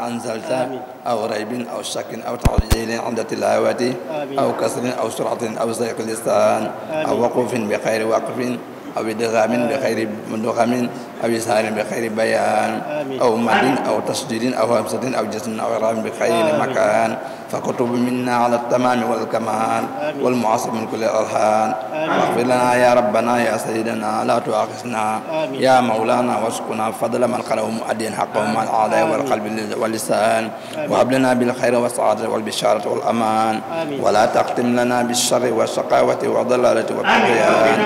أنزلت أو ريب أو شك أو تعجيل عند تلاوته أو كسر أو سرعة أو زيق لسان أو وقوف بغير وقف أو إدغام بغير مدغم aw isaar bi xayri bayaan aw mahdin aw tasdidin aw hamsatin aw jasmin aw iraamin bi xayri makaan fa kutub minna ala tamaami wal kamaal wal muasib min kulli alhaan waxfir lana ya rabbana ya sayyidana la tuaxisna ya mawlana wasukuna fadla man xalaw mu addiin xaqahu mal aadaa wal qalbi wal lisaan wa hab lana bil xayri wa saadati wal bishaarati wal amaan wa la taqtim lana bi sharri wa shaqaawati wa dalalati wa tugyaan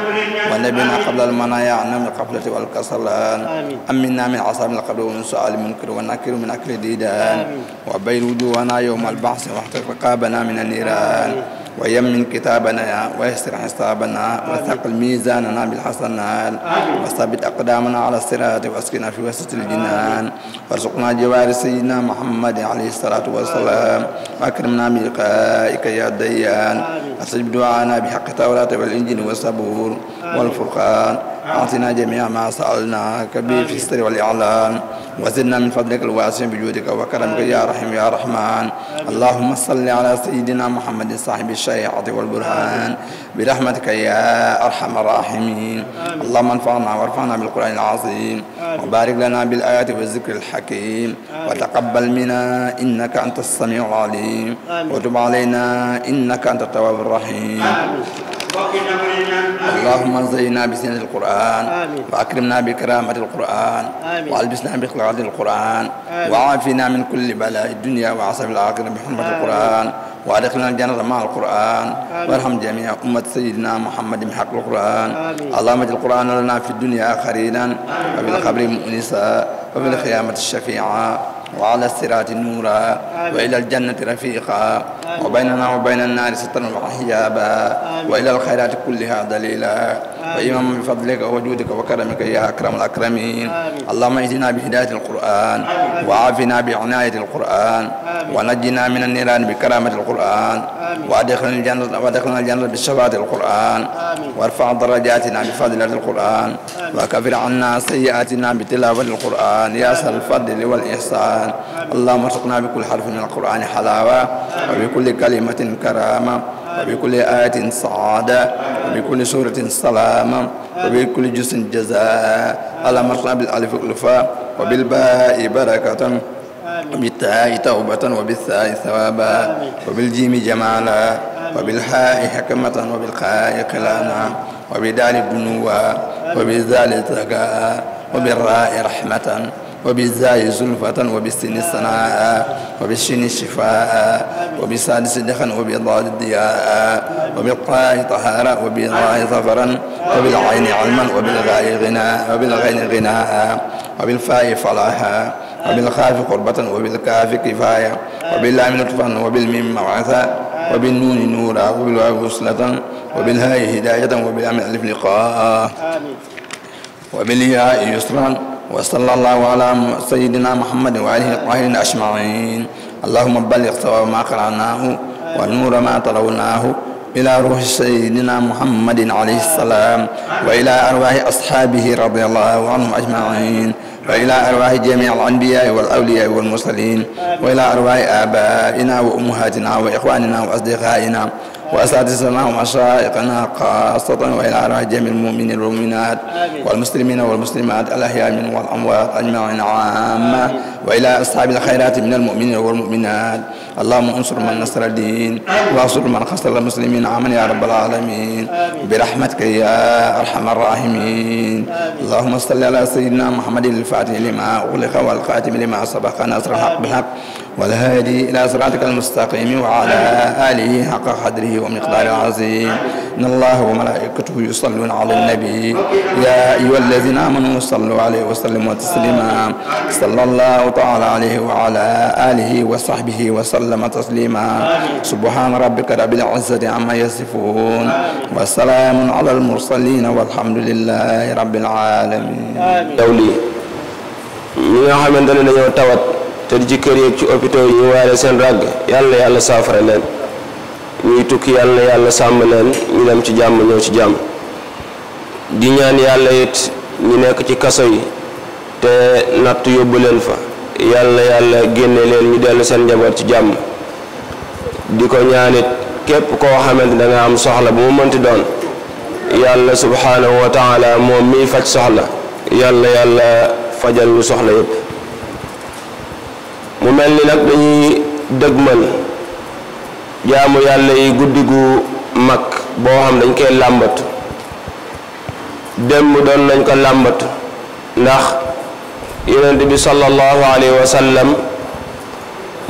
wa nabina qabla al manaaya an qaflati wal kasalaan الأبدان أمنا من عصاب القبر ومن سؤال منكر ونكر من أكل الديدان وبين وجوهنا يوم البحث واحتق رقابنا من النيران ويمن كتابنا ويسر حسابنا وثقل ميزاننا بالحسنات وثبت أقدامنا على الصراط واسكنا في وسط الجنان وارزقنا جوار سيدنا محمد عليه الصلاة والسلام وأكرمنا بلقائك يا ديان أستجب دعانا بحق التوراة والإنجيل والصبور والفرقان أعطنا جميع ما سألناك به في السر والإعلان وزدنا من فضلك الواسع بجودك وكرمك يا رحيم يا رحمن اللهم صل على سيدنا محمد صاحب الشريعة والبرهان برحمتك يا أرحم الراحمين اللهم انفعنا وارفعنا بالقرآن العظيم وبارك لنا بالآيات والذكر الحكيم وتقبل منا إنك أنت السميع العليم وتب علينا إنك أنت التواب الرحيم اللهم زينا بسنة القرآن وأكرمنا بكرامة القرآن وألبسنا بخلعة القرآن وعافنا من كل بلاء الدنيا وعصب الآخرة بحرمة القرآن وأدخلنا الجنة مع القرآن وارحم جميع أمة سيدنا محمد بحق القرآن اللهم اجعل القرآن لنا في الدنيا خيرا وفي القبر مؤنسا وفي القيامة الشفيعة wa ala siraati nuura wa ila aljannati rafiqa wa baynana wa bayna annaari satran wa hijaaba wa ila alxayraati kulliha dalila wa imaaman bifadlika wa juudika wa karamika ya akram alakramin allahuma ihdina bihidayati alquran wa aafina bi inaayati alquran wa najjina min anniran bi karamati alquran وأدخلنا الجنة وأدخلنا الجنة بشفاعة القرآن وارفع درجاتنا بفضل القرآن وكفر عنا سيئاتنا بتلاوة القرآن يا سر الفضل والإحسان اللهم ارزقنا بكل حرف من القرآن حلاوة وبكل كلمة كرامة وبكل آية سعادة وبكل سورة سلامة وبكل جزء جزاء اللهم ارزقنا بالألف الفاء وبالباء بركة وبالتاء توبة وبالثاء ثوابا وبالجيم جمالا وبالحاء حكمة وبالخاء قلانا وبدال بنوا وبالذال ذكاء وبالراء رحمة وبالزاي زلفة وبالسن الصناعة وبالشن الشفاء وبالسادس دخن وبالضاد الضياء وبالطاء طهارة وبالراء ظفرا وبالعين علما وبالغاء غناء وبالغين غناء وبالفاء فلاحا wabil xaafi qurbatan wabil kaafi kifaaya wabil laami lutfan wabil miim mawasa wabil nuuni nuura wabil waawi wuslatan wabil haayi hidaayatan wabil aami alif liqaa wabil yaa'i yusran wa sallallahu ala sayyidina muhammadin wa aalihi altaahiriin ajma'iin allahumma balligh sawaaba maa qara'naahu wa nuura maa tarawnaahu ila ruux sayyidina muhammadin alayhi salaam wa ila arwaahi ashaabihi radiyallahu anhum ajma'iin وإلى أرواح جميع الأنبياء والأولياء والمرسلين وإلى أرواح آبائنا وأمهاتنا وإخواننا وأصدقائنا وأساتذتنا ومشايخنا خاصة وإلى أرواح جميع المؤمنين والمؤمنات والمسلمين والمسلمات الأحياء منهم والأموات أجمعين عامة وإلى أصحاب الخيرات من المؤمنين والمؤمنات اللهم انصر من نصر الدين وانصر من خسر المسلمين عمن يا رب العالمين برحمتك يا أرحم الراحمين اللهم صل على سيدنا محمد الفاتح لما أغلق والخاتم لما سبق نصر الحق بالحق والهادي إلى صراطك المستقيم وعلى آله حق قدره ومقداره العظيم إن الله وملائكته يصلون على النبي يا أيها الذين آمنوا صلوا عليه وسلموا تسليما صلى الله تعالى عليه وعلى آله وصحبه وسلم تسليما سبحان ربك رب العزة عما يصفون وسلام على المرسلين والحمد لله رب العالمين. yow lii ñi nga xamante ne dañoo tawat. te di ci kër yeeg ci hôpitaux yi ñu waare seen ràgg yàlla na yàlla saafara leen ñuy tukki yàlla yàlla sàmm leen ñu dem ci jàmm ñëw ci jàmm di ñaan yàlla it ñu nekk ci kaso yi te yóbbu leen fa yàlla yàlla génne leen ñu dellu seen njaboot ci jàmm di ko ñaanit képp koo xamante da am soxla bu mu mënti doon yàlla subhanahu wa taala moom miy faj soxla yàlla yàlla fajal ñu soxla yépp mel ni nag dañuy dëgmal jaamu yàlla yi guddi gu mag boo xam dañ koy làmbatu démb doon nañ ko làmbatu ndax yonent bi sallallahu alayhi wa sallam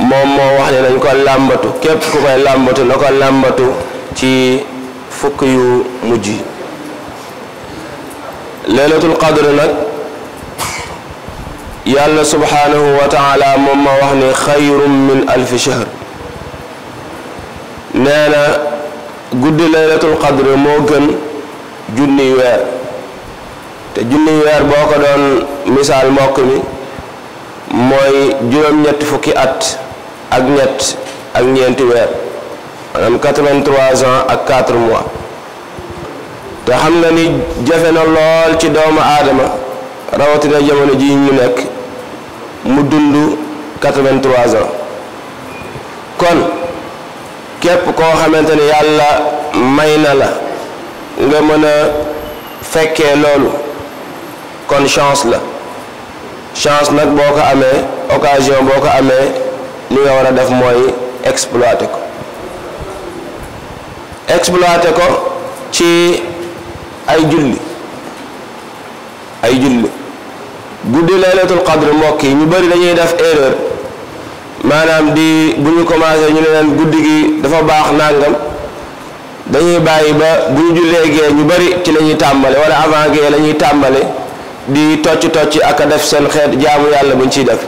moom moo wax ne nañ ko làmbatu képp ku koy làmbatu na ko làmbatu ci fukk yu mujj yi laylatul qadr nag yàlla subhaanahu wa taala moom ma wax ne xayrum min alfi shahr nee na guddi laylatul qadr moo gën junniy weer te junniy weer boo ko doon misaal mbokk mi mooy juróom-ñetti fukki at ak ñett ak ñeenti weer maanaam 83 ans ak 4 mois te xam na ni jafe na lool ci doomu aadama rawatina jamono ji ñu nekk mu dund 83 ans kon képp koo xamante ni yàlla may na la nga mën a fekke loolu kon chance la chance nag boo ko amee occasion boo ko amee li nga war a def mooy exploiter ko exploiter ko ci ay julli ay julli guddi laylatul qadr mbokk yi ñu bëri dañuy def erreur maanaam di bu ñu commencé ñu ne leen guddi gi dafa baax nangam dañuy bàyyi ba bu ñu jullee gee ñu bëri ci la ñuy tàmbale wala avant gee lañuy ñuy tàmbale di tocc tocc ak a def seen xeet jaamu yàlla buñ ciy def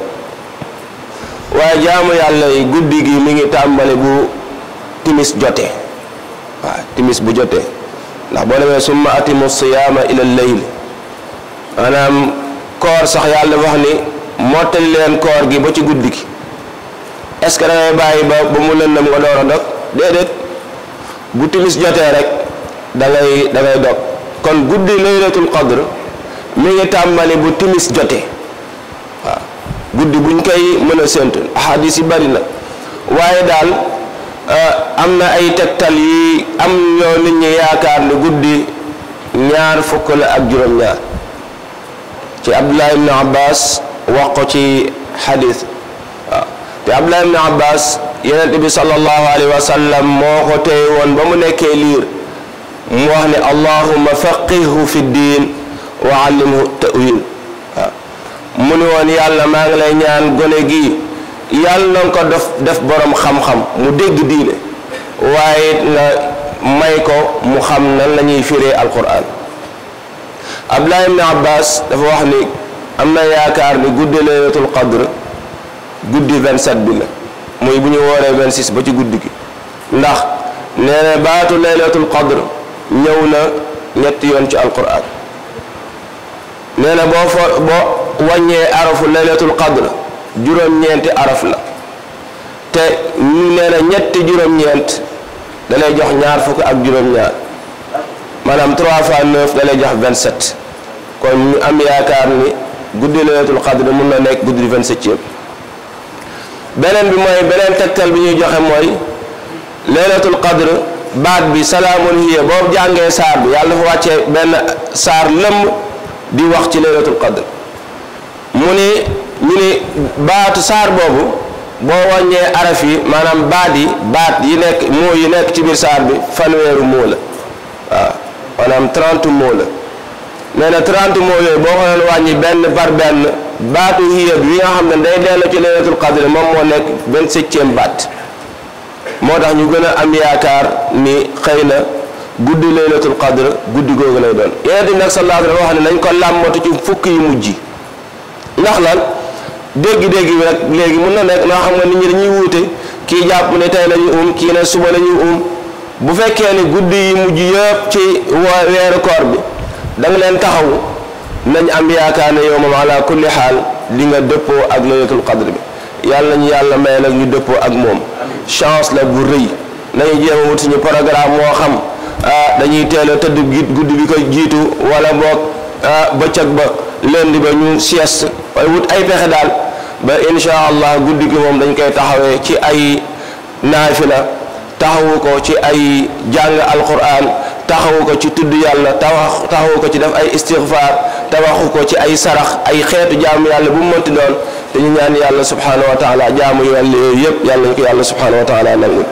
waaye jaamu yàlla yi guddi gi mi ngi tàmbale bu timis jotee waaw timis bu jotee ndax boo demee summa atimu siyaama ila layl maanaam koor sax yàlla wax ni mottali leen koor gi ba ci guddi gi est ce que dangay bàyyi ba ba mu lëndëm nga door a dog déedéet bu timis jotee rek da ngay da dog kon guddi laylatul qadr mu ngi tàmbali bu timis jotee waaw guddi buñ koy mën a séentu ahadis yi bari na waaye daal eh, am na ay tegtal yi am ñoo nit ñi yaakaar ne guddi ñaar fukk la ak juróom-ñaar. ci abdullah ibn abbas wax ko ci xadis waaw te abdullah ibn abbas yonent bi sallallahu alayhi wa moo ko téye woon ba mu nekkee liir mu wax ne allahuma faqihhu fi diin wa yàlla maa ngi lay ñaan gone gii yàlla na ko def def borom xam-xam mu dégg diine waaye na may ko mu xam nan la ñuy firee alquran ab Abdullah ibn Abbas dafa wax ni am na yaakaar ni guddi laylatul qadr guddi 27 bi la muy bu ñu wooree 26 ba ci guddi gi ndax nee na baatu laylatul qadr ñëw na ñetti yoon ci alquran nee na boo fa boo wàññee arafu laylatul qadr juróom-ñeenti araf la te ñu nee na ñetti juróom-ñeent dalay jox ñaar fukk ak juróom-ñaar maanaam 3 fois 9 da lay jox 27 kon ñu am yaakaar ni guddi laylatul qadr mun na nekk guddi 27 yëpp beneen bi mooy beneen tegtal bi ñuy joxe mooy laylatul qadr baat bi salaamun hiya boo jàngee saar bi yàlla dafa wàccee benn saar lëmm di wax ci laylatul qadr mu ni ñu ni baatu saar boobu boo wàññee araf yi maanaam baat yi baat yi nekk moo yi nekk ci biir saar bi fanweeru moo la waaw maanaam trente mots la nee na trente mots yooyu boo xoolee wàññi benn par benn baatu hiya bi nga xam ne day dellu ci laylatul qadr moom moo nekk vingt-septième baat moo tax ñu gën a am yaakaar ni xëy na guddi laylatul qadr guddi googu lay doon yonent bi nag sa alayhi wa sallam wax ne nañ ko làmmatu ci fukk yu mujj ndax lan dégg-dégg bi nag léegi mun na nekk naa xam nga nit ñi dañuy wuute kii jàpp ne tey la ñu um kii ne suba la um bu fekkee ni guddi yi mujj yëpp ci weeru koor bi da leen taxaw nañ am yaakaar ne yow moom ala kulli xaal li dëppoo ak laylatul qadr bi yàlla nañu yàlla may nag ñu dëppoo ak moom chance la bu rëy nañu jéem a wut suñu programme moo xam ah dañuy teel a tëdd guddi bi ko jiitu wala boog ah, bëccëg ba lundi ba ñu sieste wala wut ay pexe daal ba incha allah guddi gi moom dañ koy taxawee ci ay naafila taxawu ko ci ay jàng alquran taxawu ko ci tudd yàlla tawax taxawu ko ci def ay istighfar tawaxu ko ci ay sarax ay xeetu jaamu yàlla bu mu mënti doon ñu ñaan yàlla subhanahu wa taala jaamu yàlla yooyu yëpp yàlla ñu ko yàlla subhanahu wa taala nangu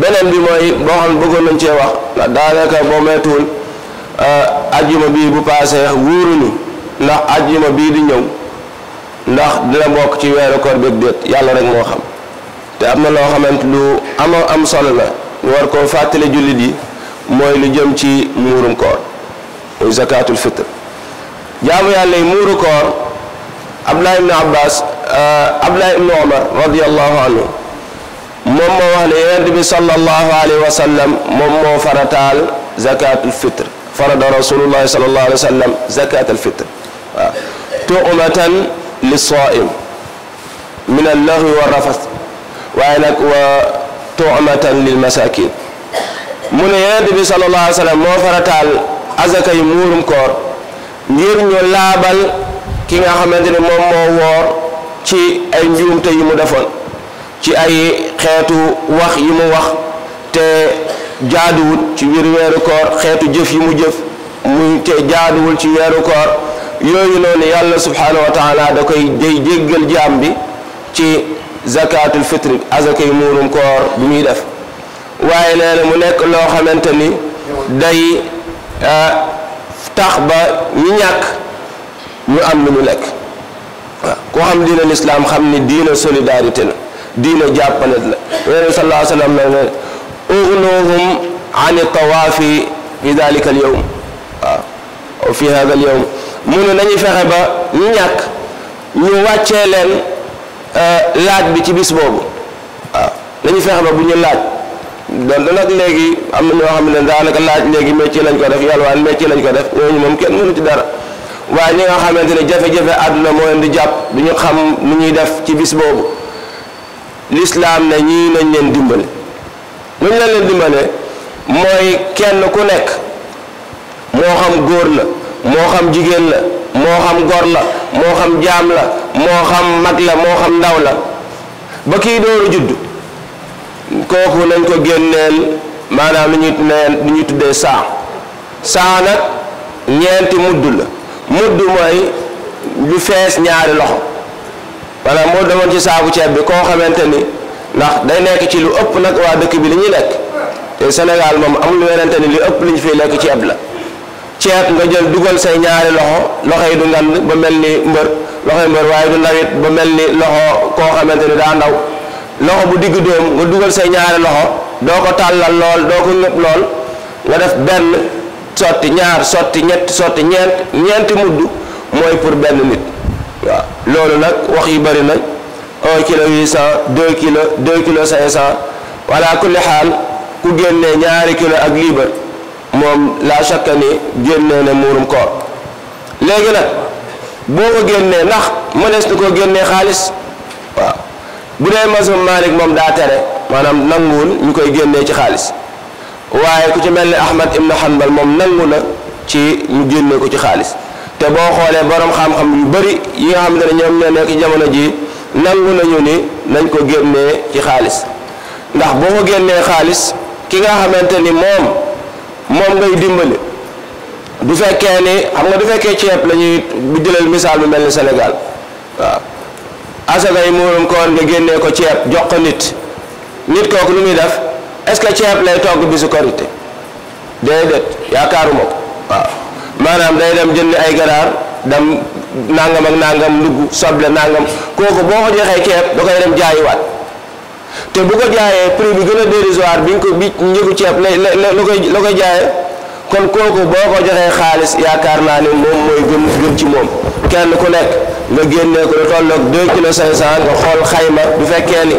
beneen bi mooy boo xam bëggoon nañ cee wax ndax daanaka boo meetuwul euh, ajjuma bii bu paasee wóoruñu ndax ajjuma bii di ñëw ndax dina bokk ci weeru koor beeg déet yàlla rek moo xam te am na loo xamante lu ama am solo la ñu war koo fàttale jullit yi mooy lu jëm ci muurum koor muy zakatul fitr jaamu yàlla yi muuru koor abdullah ibnu abbas euh, abdullah ibnu omar moom moo wax ne yonent bi farada rasulullahi sallallahu alayhi wa sallam tuumatan li saaim min allahi wa rafas waaye nag wa tu'matan lil masakin mu ne yonent bi sallallahu alayhi wa sallam moo farataal azaka yi muurum koor ngir ñu laabal ki nga xamante ne moom moo woor ci ay njuumte yi mu defoon ci ay xeetu wax yi mu wax te jaaduwul ci biir weeru koor jëf yi mu jëf mu ci weeru koor yooyu noonu yàlla subhanahu wa taala da koy day jéggal jaam bi ci zakatul fitri azaka yi muurum koor bi muy def waaye nee na mu nekk loo xamante ni day tax ba ñu ñàkk ñu am lu ñu lekk waaw ku xam diina lislaam xam ni diina solidarité la diina jàppanet la yonent sallallahu alayhi wa sallam nag ne ugnuhum an tawaafi fi dalika al yowm waaw fi mu ne nañu fexe ba ñu ñàkk ñu wàccee leen Euh, laaj bi ci bis boobu waaw ah, nañu fexe ba bu ñu laaj donte nag léegi am na ñoo xam ne daanaka laaj léegi métier lañ ko def yalwaan métier lañ ko def ñooñu moom kenn mënu ci dara waaye ñi nga xamante ne jafe-jafe àdduna moo leen di jàpp du ñu xam mu ñuy def ci bis boobu lislaam ne ñii nañ leen dimbale lu ñu leen leen dimbale mooy kenn ku nekk moo xam góor la moo xam jigéen la moo xam gor la moo xam jaam la moo xam mag la moo xam ndaw la ba kii door juddu judd kooku nañ ko génneel maanaam lu ñuy lu ñuy tuddee saa saa nag ñeenti mudd la mudd mooy lu fees ñaari loxo walla moo demoon ci saabu ceeb bi koo xamante ni ndax day nekk ci lu ëpp nag waa dëkk bi li ñuy lekk te Sénégal moom amul wenante ni lu ëpp lu ñu fiy lekk ceeb la ceeb nga jël dugal say ñaari loxo loxo yi du ngand ba mel ni mbër loxo yi mbër waaye du ndawit ba mel ni loxo koo xamante ni daa ndaw loxo bu diggu dóom nga dugal say ñaari loxo doo ko tàllal lool doo ko ñëpp lool nga def benn sotti ñaar sotti ñett sotti ñeent ñeenti mudd mooy pour benn nit waaw loolu nag wax yu bëri na 1 kilo 800 2 kilo 2 kilo 500 ku kulli xaal ku génnee ñaari kilo ak liibar moom laa shakka ni génnee ne muurum koor léegi nag boo ko génnee ndax mënees na ko génnee xaalis waaw bu dee mazhab Maalik moom daa tere maanaam nanguwul ñu koy génnee ci xaalis waaye ku ci mel ni Ahmad ibn moom nangu na ci ñu génne ko ci xaalis te boo xoolee boroom xam-xam yu bari yi nga xam ne ñoom ñoo nekk jamono ji nangu nañu ni nañ ko génnee ci xaalis ndax boo ko génnee xaalis ki nga xamante ni moom moom ngay dimbali du fekkee ni xam nga du fekkee ceeb lañuy bu jëlal misaal bu mel ni Sénégal waaw asaka yi muurum koor nga génnee ko ceeb jox ko nit nit kooku lu muy def est-ce que ceeb lay togg bisu korité déedéet yaakaaruma ko waaw maanaam day dem jënd ay ganaar dem nangam ak nangam ndugg soble nangam kooku boo ko joxee ceeb da koy dem jaayiwaat. te bu ko jaayee prix bi gën a dérisoire bi ñu ko bi njëgu ceeb la la la koy la koy kooku boo ko joxee xaalis yaakaar naa ne moom mooy gën gën ci moom kenn ku nekk nga génnee ko lu tolloog 2 kilos 500 nga xool xayma bu fekkee ni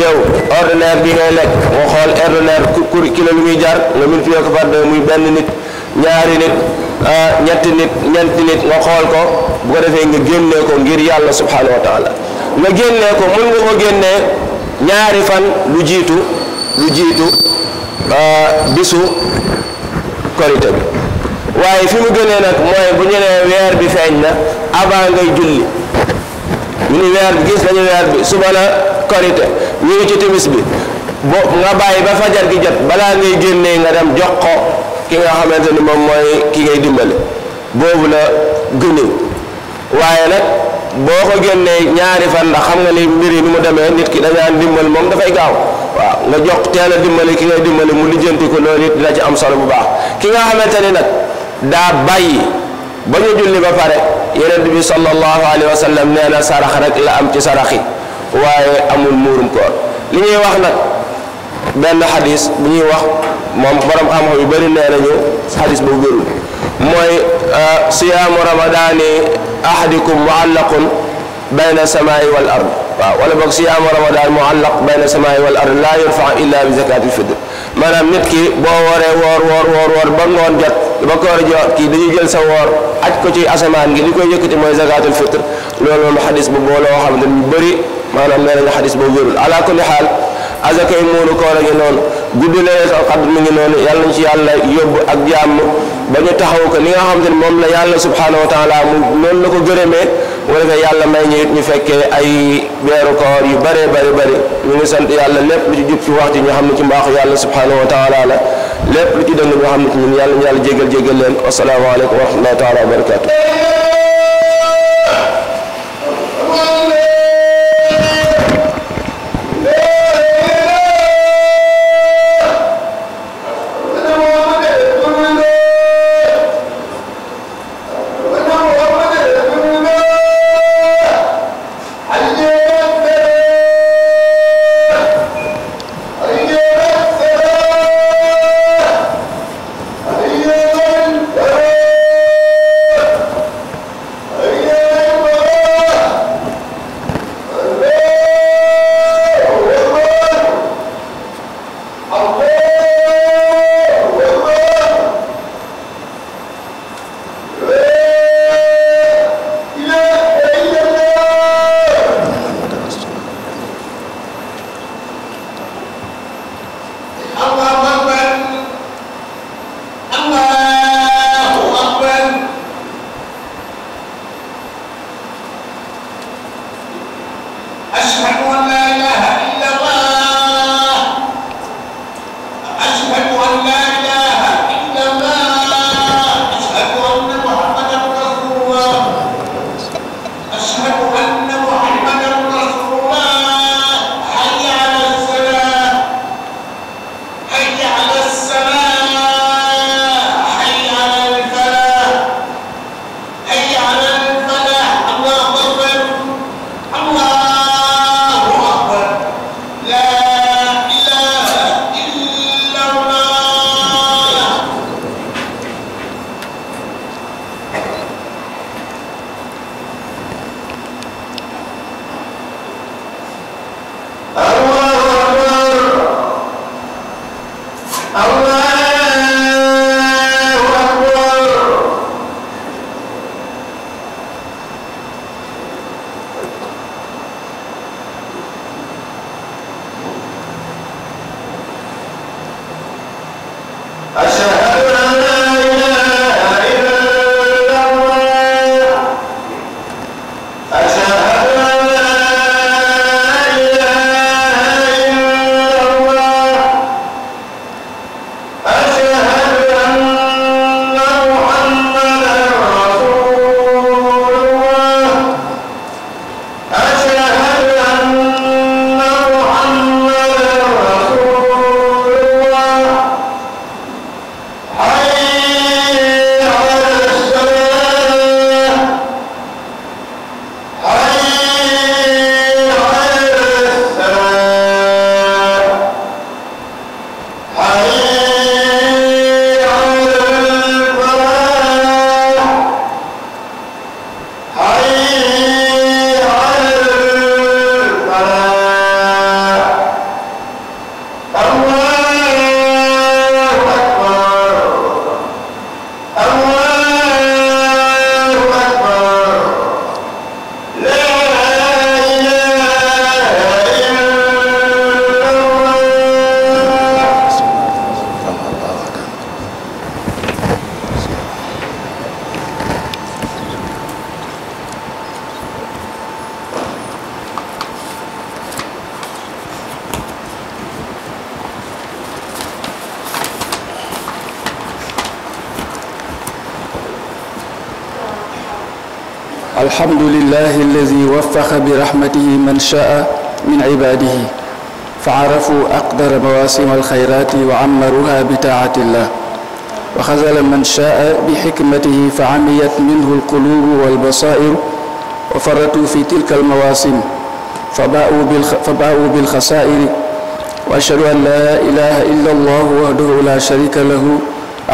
yow ordinaire bi ngay lekk nga xool ordinaire ku kilo lu muy jar nga multiplier ko par deux muy benn nit ñaari nit ah, ñetti nit ñeent nit nga xool ko bu ko defee nga génnee ko ngir yàlla subhanahu wa taala nga génnee ko mën ñaari fan lu jiitu lu jiitu euh, bisu korite bi waaye fi mu gënee nag mooy bu ñu nee weer bi feeñ na avant ngay julli mu ni weer bi gis nañu weer bi suba la korite ñu ngi ci timis bi bo nga bàyyi ba jot balaa ngay génnee nga jox ko ki nga moom mooy ki ngay dimbali boobu la gënee waaye nag boo ko génnee ñaari fan ndax xam nga ni mbir yi ni mu demee nit ki dañaan dimbal moom dafay gaaw waaw nga jox teel a dimbali ki ngay dimbali mu lijjanti ko loolu it dina ci am solo bu baax ki nga xamante ni nag daa bàyyi ba ñu julli ba pare yonent bi sallallahu alayhi wa nee na sarax rek la am ci saraxi waaye amul muurum koor li ñuy wax nag benn xadis bu ñuy wax moom borom xam-xam yu bëri nee nañu xadis boobu gërul mooy euh, siyaamu ramadaani ahadikum muallaqun bayna samaai wal ard waaw wala boog siyaamu ramadaan muallaq bayna samaai wal ard laa yurfa illa bi zakatil fitr maanaam nit ki boo wooree woor woor woor woor ba ngoon jot ba koor jot kii dañuy jël sa woor aj ko ci asamaan gi li koy yëkkati mooy zakatul fitr loolu moom xadis bu booloo xam ne ñu bëri maanaam nee nañu xadis boobu wérul ala kulli xaal azakay muunu koor a ngi noonu guddi laylatul qadr mi ngi noonu yàlla nañu ci yàlla yóbbu ak jàmm ba ñu taxaw ko ni nga xam te ne moom la yàlla subhaanahu wa taala mu noonu la ko gërëmee wala que yàlla may ñu ñu fekkee ay weeru yu bëree bëri bëri ñu ngi sant yàlla lépp lu ci jub ci wax ji ñu xam ne ci mbaaxu yàlla subhaanahu wa taala la lépp lu ci dëng ñu xam ne ci ñun yàlla ñu yàlla jégal jégal leen wasalaamaaleykum wa rahmatullahi taala wa الحمد لله الذي وفق برحمته من شاء من عباده فعرفوا أقدر مواسم الخيرات وعمروها بطاعة الله وخذل من شاء بحكمته فعميت منه القلوب والبصائر وفرطوا في تلك المواسم فباءوا, بالخ... فباءوا بالخسائر وأشهد أن لا إله إلا الله وحده لا شريك له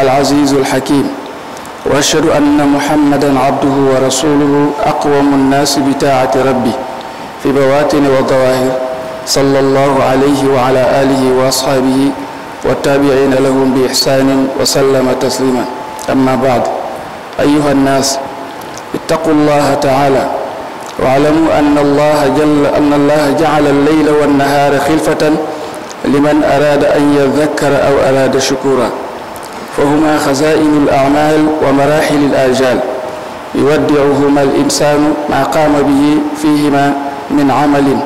العزيز الحكيم وأشهد أن محمدا عبده ورسوله أقوم الناس بتاعة ربي في بواتن وظواهر صلى الله عليه وعلى آله وأصحابه والتابعين لهم بإحسان وسلم تسليما أما بعد أيها الناس اتقوا الله تعالى واعلموا أن الله جل أن الله جعل الليل والنهار خلفة لمن أراد أن يذكر أو أراد شكورا فهما خزائن الأعمال ومراحل الآجال يودعهما الإنسان ما قام به فيهما من عمل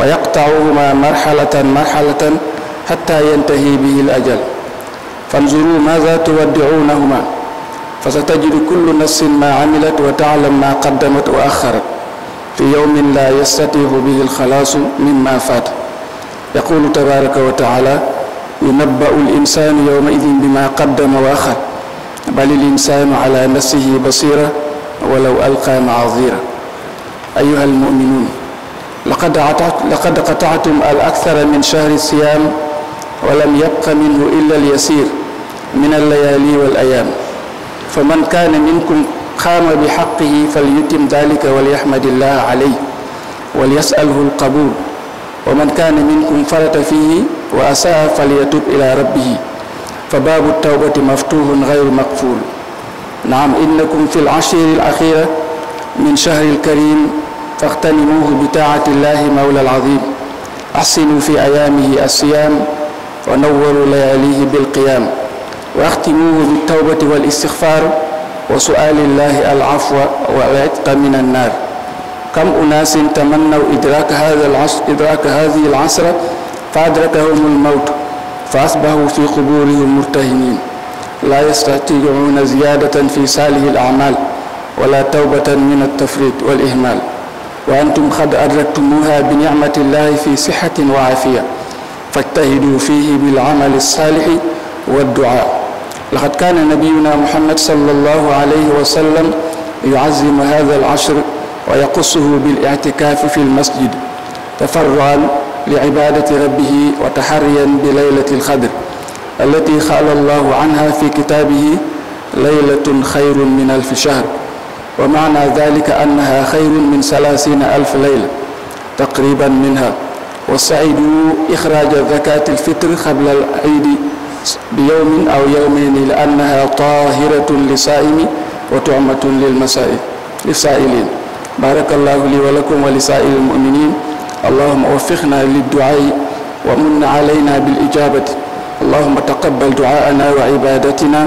ويقطعهما مرحلة مرحلة حتى ينتهي به الأجل فانظروا ماذا تودعونهما فستجد كل نفس ما عملت وتعلم ما قدمت وأخرت في يوم لا يستطيع به الخلاص مما فات يقول تبارك وتعالى yunabba'u al-insaanu yawma'idhin bimaa qaddama wa akhar bal al-insaanu 'alaa nafsihi basiira walaw alqaa ma'aadhiira ayyuha al-mu'minuun laqad qata'tum al-akthara min shahri as-siyaam wa lam yabqa minhu illaa al-yasiir min al-layaali wal-ayyaam faman kaana minkum qaama bihaqqihi falyutim dhalika walyahmadillaah 'alayhi walyas'alhu al-qabuul wa man kaana minkum farata fiihi wa asaa falyatub ila rabbihi fa baabu tawbati maftuhun gayru maqful naam innakum fi lashiri alaxira min shahri alkarim faxtanimuhu bi taati illahi mawla alazim axsinu fi ayaamihi alsiyaam wa nawalu layaalihi bilqiyaam wa axtimuuhu bitawbati wal istixfaar wa su'aalillahi al-afwa wal itqa min annaar kam unaasin tamannaw idraaka haadhihi al-asra fa adrakahum almawt fa asbahu fi quburihim murtahinin laa yastaticuuna ziyaadatan fi saalihi alacmaal wala tawbatan min altafrit walihmaal wa antum qad adraktumuha bi nicmati illahi fi sixatin wa caafiya fajtahiduu fihi bilcamali alsaalixi walducaa laqad kaana nabiyuna muhammad sallallahu alayhi wa sallam yucazimu hada alcashr wa yaqussuhu bilictikaafi fi almasjid tafarruan لعبادة ربه وتحريا بليلة القدر التي قال الله عنها في كتابه ليلة خير من ألف شهر ومعنى ذلك أنها خير من ثلاثين ألف ليلة تقريبا منها والسعيد إخراج زكاة الفطر قبل العيد بيوم أو يومين لأنها طاهرة للصائم وتعمة للمسائل للسائلين بارك الله لي ولكم ولسائر المؤمنين allahuma wafiqna lilduaai wa mun alayna bilijabati allahuma taqabal duaana wa ibadatina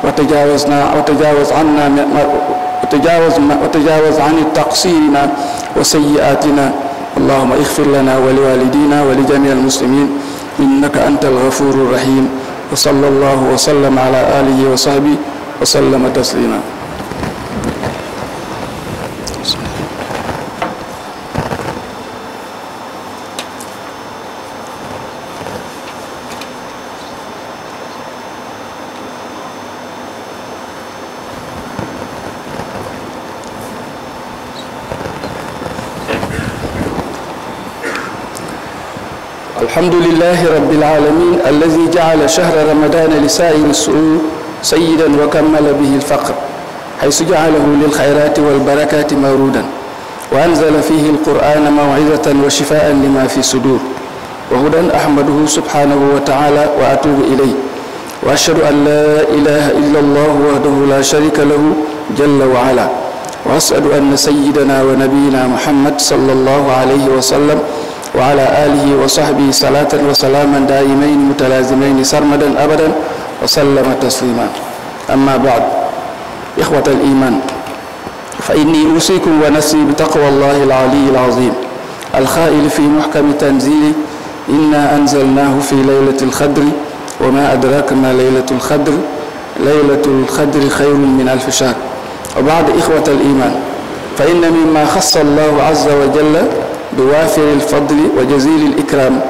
wa tajawazna wa tajawaz anna wa tajawaz an taqsirina wa sayiatina allahuma ixfir lana wa liwalidina wa lijami almuslimin innaka anta algafuru rahim wa sallallahu wa sallam ala alihi wa sahbihi wa sallama taslima الحمد لله رب العالمين الذي جعل شهر رمضان لسائر السعود سيدا وكمل به الفقر حيث جعله للخيرات والبركات مورودا وأنزل فيه القرآن موعظة وشفاء لما في صدور وهدى أحمده سبحانه وتعالى وأتوب إليه وأشهد أن لا إله إلا الله وحده لا شريك له جل وعلا وأسأل أن سيدنا ونبينا محمد صلى الله عليه وسلم وعلى آله وصحبه صلاة وسلاما دائمين متلازمين سرمدا أبدا وسلم تسليما أما بعد إخوة الإيمان فإني أوصيكم ونفسي بتقوى الله العلي العظيم الخائل في محكم تنزيله إنا أنزلناه في ليلة القدر وما أدراك ما ليلة القدر ليلة القدر خير من ألف شهر وبعد إخوة الإيمان فإن مما خص الله عز وجل بوافر الفضل وجزيل الإكرام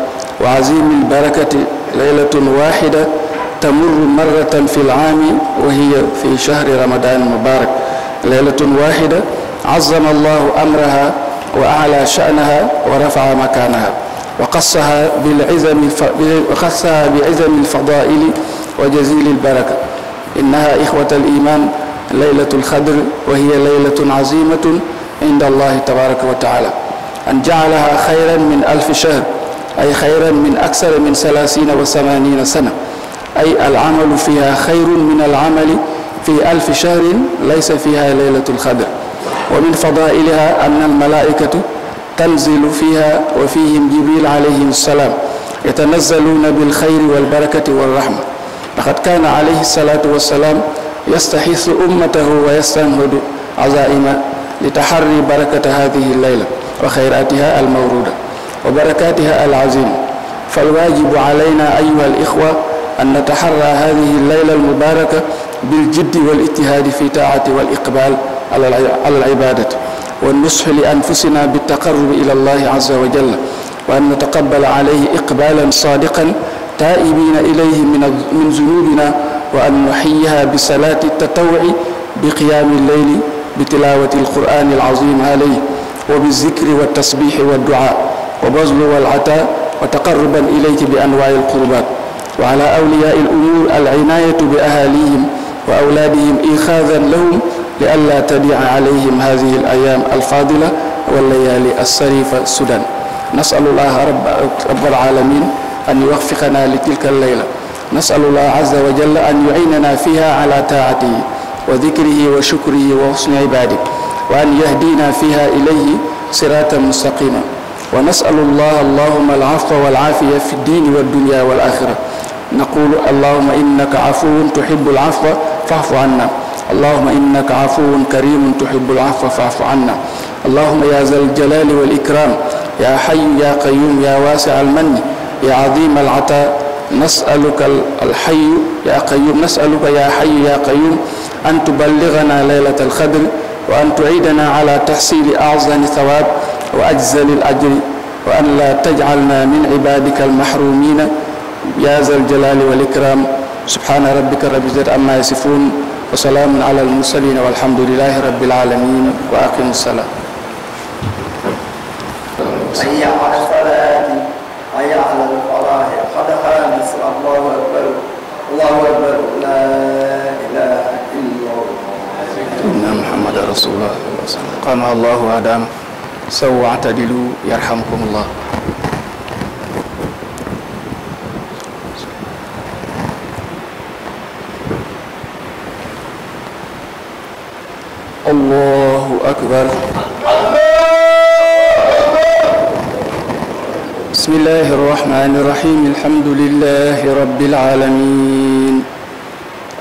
وعزيم البركة ليلة واحدة تمر مرة في العام وهي في شهر رمضان المبارك ليلة واحدة عظم الله أمرها وأعلى شأنها ورفع مكانها وقصها بالعزم وقصها بعزم الفضائل وجزيل البركة إنها إخوة الإيمان ليلة الخدر وهي ليلة عظيمة عند الله تبارك وتعالى an jaalaha xayran min alfi shahr ay xayran min aksara min salaasina wa samanina sana ay alamalu fiha xayrun min alamali fi alfi shahrin laysa fiha leylatu lxadr wa min fadailiha an almalaikatu tanzilu fiha wa fihim jibril alayhim assalaam يتنزلون بالخير والبركة والرحمة لقد كان عليه الصلاة والسلام يستحث أمته ويستنهض عزائمه لتحري بركة هذه الليلة wa xayratiha almawruda wa barakatiha alazim falwaajibu alayna ayuha alixwa an nataxarra hadihi allayla almubaraka biljiddi walijtihaadi fi taacati waliqbaal ala alcibadati والنصح لأنفسنا بالتقرب إلى الله عز وجل وأن نتقبل عليه إقبالا صادقا تائبين إليه من من ذنوبنا وأن نحييها بصلاة التطوع بقيام الليل بتلاوة القرآن العظيم عليه wa bizikri wa tasbiixi wa duaa wa bazlu wal ataa wa taqarruban ilayki bi anwaai alqurbaat wa ala awliyaai alumuur alinaayatu bi ahaalihim wa awlaadihim ixaadan lahum li allaa tadia alayhim hadihi alayaam alfaadila wallayaali alsarifa sudan nasalullah rabbal alamin an yuwaffiqana li tilka allayla nasalullah azza wa jalla an yuinana fiha ala taatihi wa dikrihi wa shukrihi wa husni ibaadihi وأن يهدينا فيها إليه صراطا مستقيما ونسأل الله اللهم العفو والعافية في الدين والدنيا والآخرة نقول اللهم إنك عفو تحب العفو فاعف عنا اللهم إنك عفو كريم تحب العفو فاعف عنا اللهم يا ذا الجلال والإكرام يا حي يا قيوم يا واسع المن يا عظيم العطاء نسألك الحي يا قيوم نسألك يا حي يا قيوم أن تبلغنا ليلة القدر wa an tuidana ala taxsili azami thawaab wa ajzali al ajri wa an la tajcalna min cibadika almaxrumina ya zal jalali wal ikram subhana rabbika rabbil izzati amma yasifun wa salaamun ala al mursalin walhamdulilahi rabbil alamin wa aqimu salaam الله أكبر الله أكبر رسول الله صلى الله عليه وسلم قام الله آدم سووا اعتدلوا يرحمكم الله الله أكبر بسم الله الرحمن الرحيم الحمد لله رب العالمين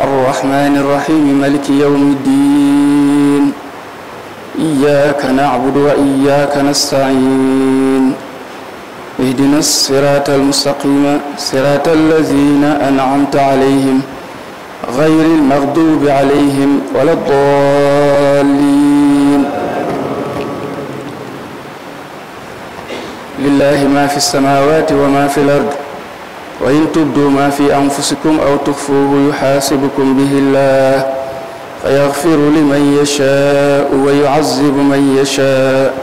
الرحمن الرحيم ملك يوم الدين إياك نعبد وإياك نستعين اهدنا الصراط المستقيم صراط الذين أنعمت عليهم غير المغضوب عليهم ولا الضالين لله ما في السماوات وما في الأرض وإن تبدوا ما في أنفسكم أو تخفوه يحاسبكم به الله فيغفر لمن يشاء ويعذب من يشاء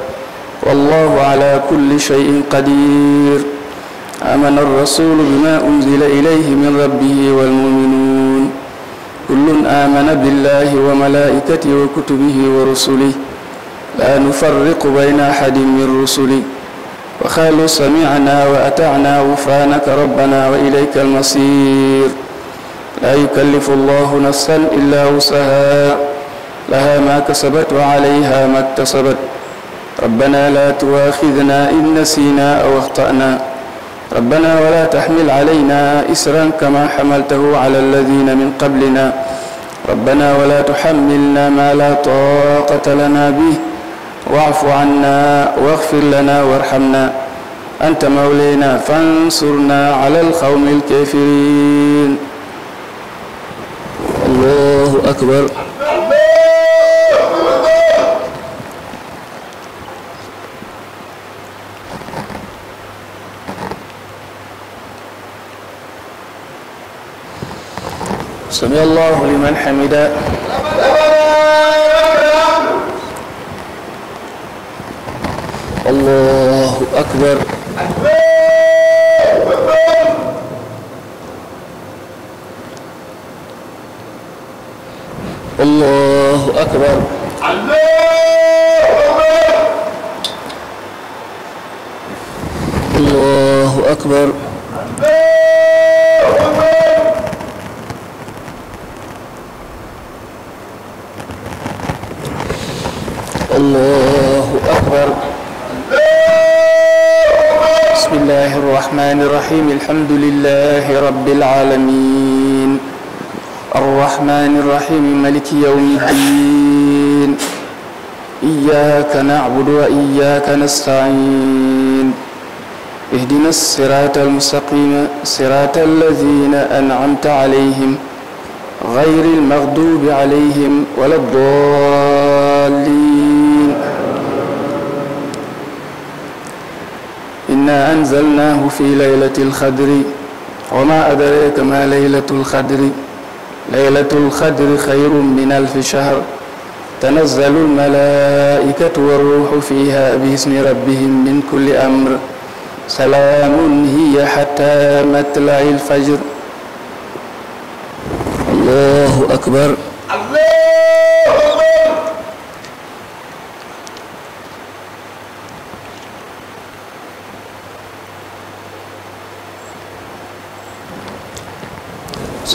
والله على كل شيء قدير آمن الرسول بما أنزل إليه من ربه والمؤمنون كل آمن بالله وملائكته وكتبه ورسله لا نفرق بين أحد من رسله وقالوا سمعنا وأطعنا غفرانك ربنا وإليك المصير لا يكلف الله نفسا إلا وسعها لها ما كسبت وعليها ما اكتسبت ربنا لا تواخذنا إن نسينا أو أخطأنا ربنا ولا تحمل علينا إسرا كما حملته على الذين من قبلنا ربنا ولا تحملنا ما لا طاقة لنا به واعف عنا واغفر لنا وارحمنا أنت مولينا فانصرنا على القوم الكافرين akbar سمع الله لمن حمده الله أكبر, أكبر. أكبر maliki yawmi ddin iyyaka na'budu wa iyyaka nasta'in ihdina sirata almustaqima sirata alladhina an'amta alayhim ghayril maghdubi alayhim waladdallin inna anzalnahu fi laylatil qadri wa ma adraka ma laylatul qadri laylatul xadri xayrun min alfi shahr tanazzalul malaaikatu warruuhu fiihaa biizni rabbihim min kulli amr salaamun hiya hattaa matla'il fajr allahu akbar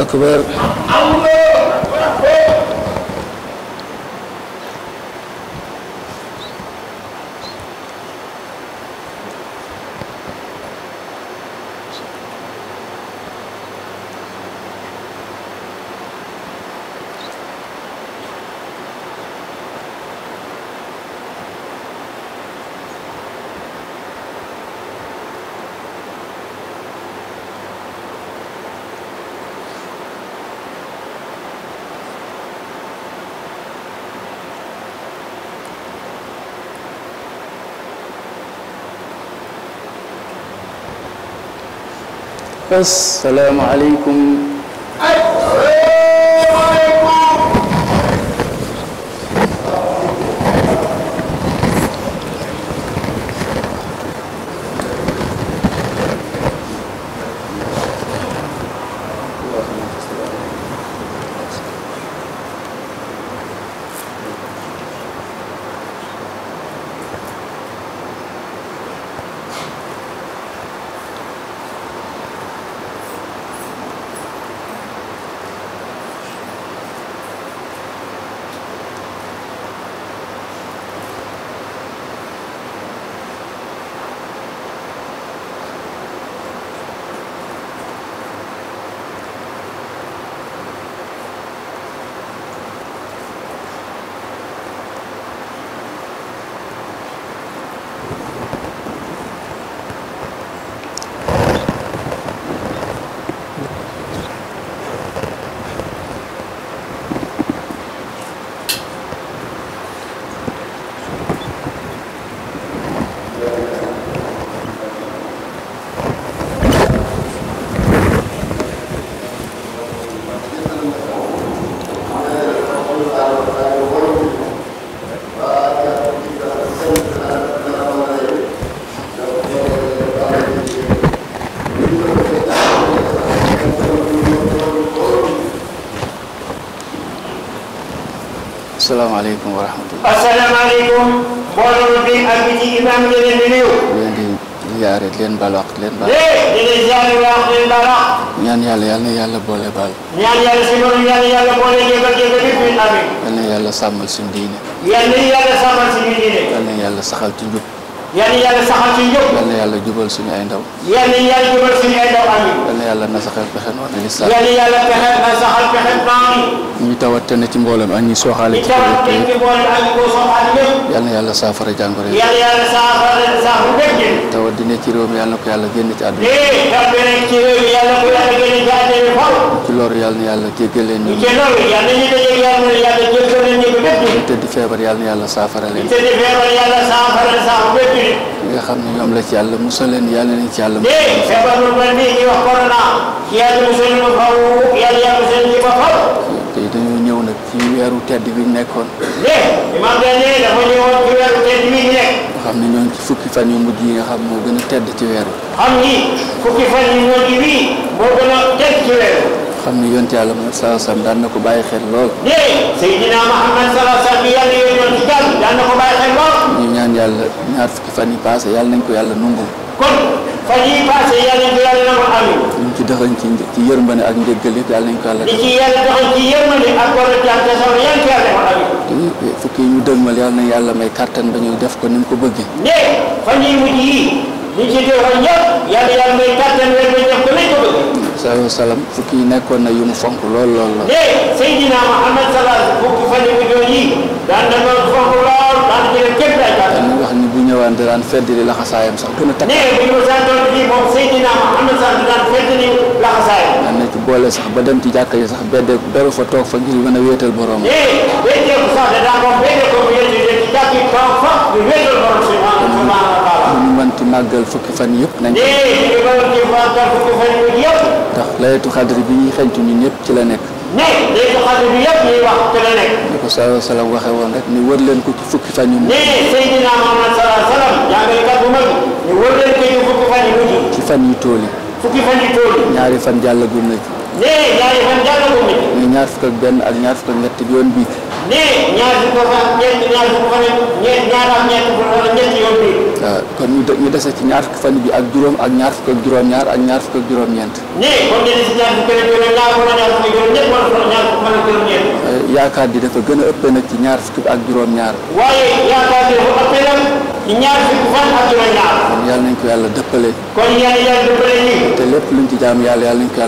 akbar assalaamu aleykum asalaamaaleykum wa rahmatulah. asalaamaaleykum. mbooloo bi ak bi ci imaam ñu leen di nuyu. leen eh, di ziare leen baal wax leen baal. léegi di leen ziare wax leen baal wax. ñaan yàlla yal na yàlla boole baal. ñaan yàlla si loolu yal na yàlla boole jégal jégal bi amiin. yal na yàlla sàmmal suñu diine. yal na yàlla sàmmal suñu diine. yal na yàlla saxal ci njub. yal na yàlla saxal ci ñëpp. yal na yàlla jubal suñu ay ndaw. yal na yàlla jubal suñu ay ndaw amiin. yal na yàlla nasaxal pexe noonu lislaam. yal na yàlla pexe nasaxal pexe noonu. ñi tawat te ne ci mboolem ak ñi sooxaale. ci tawat te ne ci mboolem ak ñi ko sooxaale ñëpp. yal na yàlla saafara jàngoro yi. yal na yàlla saafara saafara bépp. tawat dina ci réew mi yal na ko yàlla génn ci àdduna. eh tawat dina ci réew mi yal na ko yàlla génn ci àdduna bi faw. ci loolu yal na yàlla jéggal leen ñu. ci loolu yal na ñu dajeeg yàlla yàlla jéggal leen ñu bépp. ñu tëdd feebar yal na yàlla saafara leen. ñu tëdd feebar yàlla saafara saafara bépp ñi nga xam ne ñoom la ci yàlla musal leen yàlla leen ci yàlla. léegi feebar bu mel nii ñuy wax corona yàlla musal ñu ba ba faw. tey dañoo ñëw nag weeru tedd bi ñu nekkoon. léegi man de léegi xam ne ñoo ci fukki fan yu mujj yi nga xam moo gën a tedd ci weeru. xam ni fukki fan yu mujj yi moo gën a tedd ci weeru. xam ne yonent yàlla Muhammad sallallahu alayhi wasallam na ko bàyyi xel lool. nee Seydina Muhammad yàlla nañ ko yàlla nungu. kon fan ci doxal ci ci ak njëggal yëpp ko yàlla. ak wala jaajëf yàlla nañ ko yàlla amiin. te e, ñu dëgmal yàlla nañ yàlla may kàttan ba def ko ni mu ko bëggee. nee fan yii mujj yii ñu ci doxal ñëpp yàlla yàlla may kàttan wér ba ñu def ko ni sallallahu alayhi wa sallam fukki yi nekkoon na yu mu fonk lool lool lool. mais Seydina Muhammad sallallahu alayhi wa sallam fukki fan yu mujj yi daan na doon fonk lool daan jëlee képp laay baax. dañuy wax ni bu ñëwaan da daan fedd li laxasaayam sax gën a takk. mais bu ñu ko saa doon fii moom Seydina Muhammad sallallahu daan fedd li laxasaayam. daan na ci boole sax ba dem ci jàkka yi sax bedde beru fa toog fa ngir mën a wéetal boroom. mais béykat sax da daan moom béykat ko mu yëngu yëngu jàkki toog fa ñu wéetal borom màggal fukki fan yëpp nañ ko. ndax laytu xadri bi ñuy xentu ñun ñëpp ci la nekk. ne laytu xadri bi yëpp ñuy wax ci la nekk. ni ko sallallahu alayhi wa sallam waxee woon rek ni wër leen ko ci fukki fan yu mujj. ne Seydina Muhammad sallallahu alayhi wa sallam jàngalekat bu mag ñu wër leen ko ci fukki fan yu mujj. ci fan yu tool yi. fukki fan yu tool yi. ñaari fan jàllagum na ci. ne ñaari fan jàllagum na ci. ñaar fukk ak benn ak ñaar fukk ak ñett yoon bii nee ñaar fukk ko fan ñeent ñaar fukk fan ñeent ñaar ak ñeent fukk wala ñeent yoon bi. waaw kon ñu de ñu dese ci ñaar fukki fan bi ak juróom ak ñaar fukk ak juróom-ñaar ak ñaar fukk ak juróom-ñeent. nee kon ñu dese ñaar fukki fan ak ñaar wala ñaar fukk ak juróom-ñeent wala ñaar fukk fan ak juróom-ñeent. yaakaar di dafa gën a ëppee nag ci ñaar fukki ak juróom-ñaar. waaye yaakaar di dafa ëppee nag ci ñaar fukki fan ak juróom-ñaar. yàlla nañ ko yàlla dëppale. kon yàlla dëppale nii. te lépp luñ ci jaam yàlla yàlla nañ ko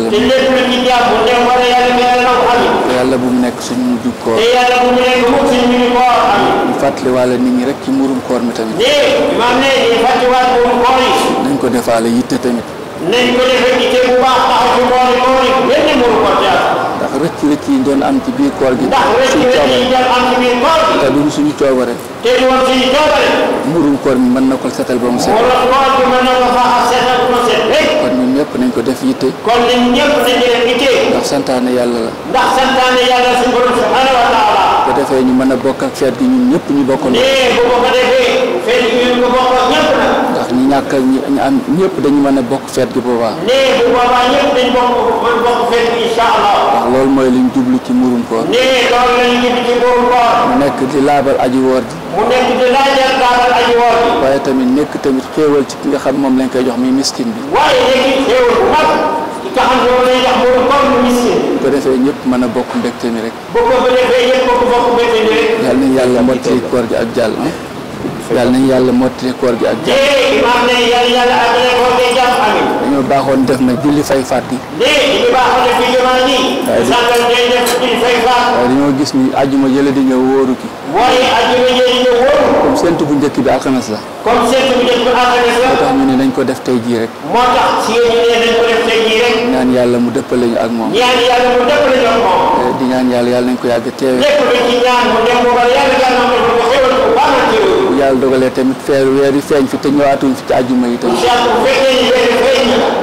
yàlla. bu mu nekk suñu jub koor. te yàlla bu mu nekk suñu jub koor amiin. ñu fàttaliwaale nit ñi rek ci mburum koor mi tamit. nii maam ne ñu fàttaliwaat mburum koor yi. nañ ko defaale yitte tamit. nañ ko defee yitte bu baax taxaw ci koor yi koor yi benn mburum koor rëcc rëcc yi doon am ci biir koor gi. ndax rëcc rëcc yi doon am ci biir koor gi. te duñ suñu coobare. te du woon suñu coobare. mburum koor mi mën na ko setal ba mu set. mburum koor bi ko kon ñun ñëpp nañ ko def yitte. kon ñun ñëpp nañ ko yàlla la. defee ñu mën a bokk ak feet gi ñun ñëpp ñu bokk. bu ko defee feet gi ñu ko bokk. ñi ñàkk ñi am dañu mën a bokk feet gi boobaa. nee bu boobaa ñëpp dañ bokk mën bokk feet gi incha allah. ndax loolu mooy li jublu ci mburum koor. nee ci murum nekk di laabal aji woor ji. mu nekk di laabal aji woor ji. waaye tamit nekk tamit xéewal ci ki nga xam moom lañ koy jox muy miskin bi. waaye nekk xéewal bu mag ki nga xam jox murum koor mu miskin. bu ko defee ñëpp mën a bokk mbégte mi rek. bu yàlla na yàlla ak jàll yàlla nañu yàlla mottali koor gi ak jàmm. baaxoon def na julli fay faat gis ni àjjuma jële di ñëw wóoru ki. bu njëkk bi alxames la. comme séntu bu moo tax ñu ne dañ ko def tey jii rek. moo tax si yéen ñu ne dañ ñaan yàlla mu dëppale ñu ak moom. ñaan yàlla mu dëppale ñu ak moom. Eh, ñaan yàlla yàlla nañ ko yàgg teewe. lépp lu ci ñaan mu dem mu bari yàlla yàlla nañ ko xéwal ko baax na ci yàlla dogalee tamit feer weer yi feeñ fi te ñëwaatuñ fi ci àjjuma yi tamit.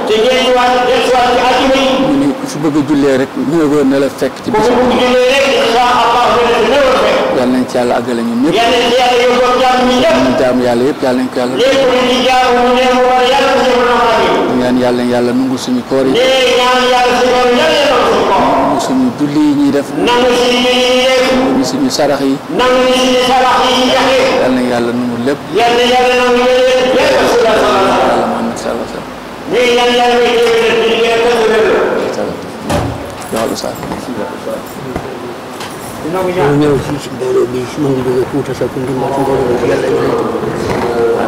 te ngeen ñu waat ngeen si waat ci àjjuma yi. ñu ne ku fi bëgg a jullee rek neuf heures ne la fekk. ci bis bu bëgg jullee rek saa àll ba nekk neuf heures fekk. yal nañ ci yàlla àggale ñun ñëpp. yal nañ ci yàlla yóbbu jàmm ñi ñëpp. ñu jaamu yàlla yëpp yal nañ ko yàlla. léegi ñu ngi jaamu mu ne mu war yàlla ko ñëpp na maa ngi. ñaan yàlla yàlla nungul suñu koor yi. nee ñaan yàlla si koor yàlla nangu suñu julli yi ñuy def. nangu suñu yi def. nangu suñu sarax yi. nangu suñu sarax yi ñu joxe. yal na yàlla nangu lépp. yal na yàlla nangu lépp. yal na yàlla nangu lépp. mais yal na yàlla nangu lépp. ñëw ci mbooloo bi su ma mën a